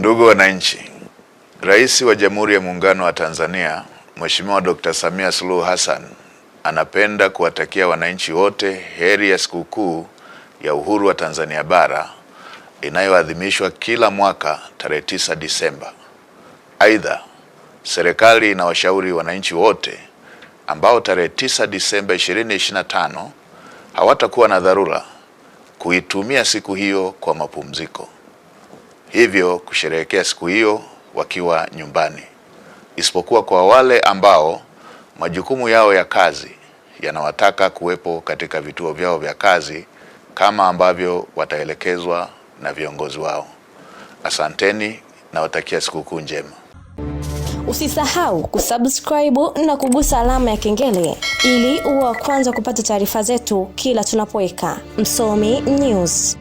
Ndugu wananchi, Rais wa Jamhuri ya Muungano wa Tanzania Mheshimiwa Dr. Samia Suluhu Hassan anapenda kuwatakia wananchi wote heri ya sikukuu ya uhuru wa Tanzania bara inayoadhimishwa kila mwaka tarehe 9 Disemba. Aidha, serikali inawashauri wananchi wote ambao tarehe 9 Disemba 2025 hawatakuwa na dharura kuitumia siku hiyo kwa mapumziko hivyo kusherehekea siku hiyo wakiwa nyumbani, isipokuwa kwa wale ambao majukumu yao ya kazi yanawataka kuwepo katika vituo vyao vya kazi kama ambavyo wataelekezwa na viongozi wao. Asanteni, nawatakia sikukuu njema. Usisahau kusubscribe na kugusa alama ya kengele ili uwe wa kwanza kupata taarifa zetu kila tunapoweka. Msomi News.